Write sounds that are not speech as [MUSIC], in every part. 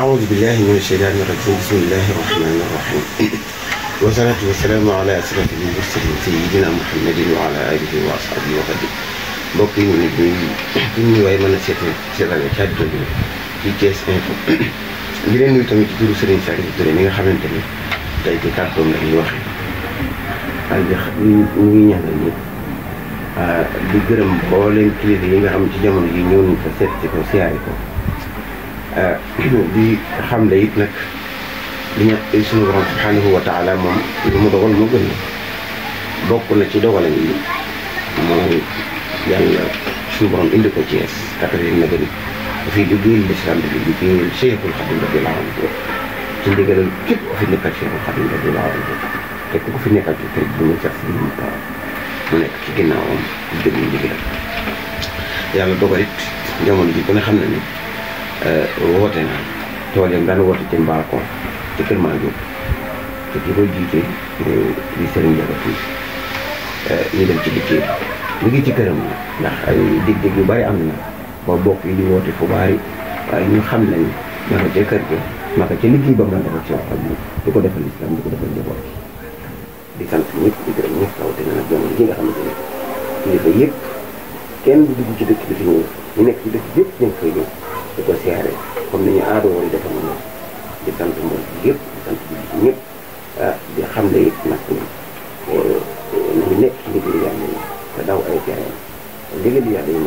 أعوذ بالله من الشيطان الرجيم بسم الله الرحمن الرحيم [CLEARS THROAT] والصلاة والسلام على أشرف المرسلين سيدنا محمد وعلى آله وأصحابه وخدمه mbokk yi ñu ngi nuyu ñu ngi waaye mën a seetal seetaane kàddu gi ci Thiès Info di leen nuyu tamit ci turu Serigne Saliou Touré mi nga xamante ni tey ci kàddoom la ñuy waxee waaye ñu ngi ñaanal ñëpp ah, di gërëm mboolem kilifa yi nga xam ci jamono yi ñëw nañ fa seet si ko siyaare ko Euh, [COUGHS] di xamle it nag li ñu suñu borom subhaanahu wa taala moom mu dogal moo gën bokk na ci dogalam yi mooy yàlla suñu borom indi ko Thiès quatrième Magal dafay liggéeyal lislaam bi liggéeyal Cheikhul Khadim radiyallaahu anhu ci ndigalal képp ku fi nekkal Cheikhul Khadim radiyallaahu anhu te ku ko fi nekkal ci kër gi mu sax si mu taw mu nekk ci ginnaawam déglu ndigal yàlla dogal it jamono ji ko ne xam na ni Eh, woote na tool yam daan woote ci Mbalakon ci Kër Mandiou te ki ko jiite di Serigne Diakha Touré eh, ñu dem ci liggéey bi. ñu ngi ci këram ndax ay dig-dig yu bari am na ba bokk yi di woote fu bari waaye ñu xam nañ naka ca kër ga naka ca liggéey ba mu daan ci wax ak di ko defal islam di ko defal njaboot bi di sant ñëpp di gërëm ñëpp rawatina nag jamono ji nga xamante ne kilifa yëpp kenn du dugg ci dëkk bi fi ñëw ñu nekk ci dëkk yëpp ñu di ko siyaare comme ni ñu aada woon defe moom di sant mbool bi yëpp di sant bi ñëpp ah, di xam ne it eh, nekk ci ndigal yàlla yi te daw yàlla yi mooy ndigal yi lii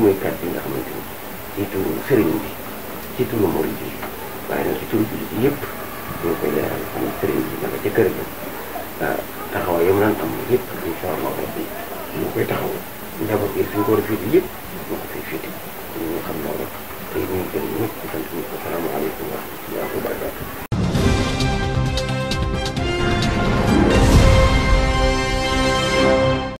mooy kàddu yi nga xamante ni ci turu sëriñ bi ci turu murid bi suñu jullit ñëpp ñu koy leeral xam sëriñ bi naka ca kër ga ah, taxaw yam nan am yëpp incha allahu rabbi ñu koy taxaw njaboot gi suñ ko war a féete yëpp ñu ko fiy féete ñu xam loolu te ñu ngi gën ñëpp wa rahmatullahi wa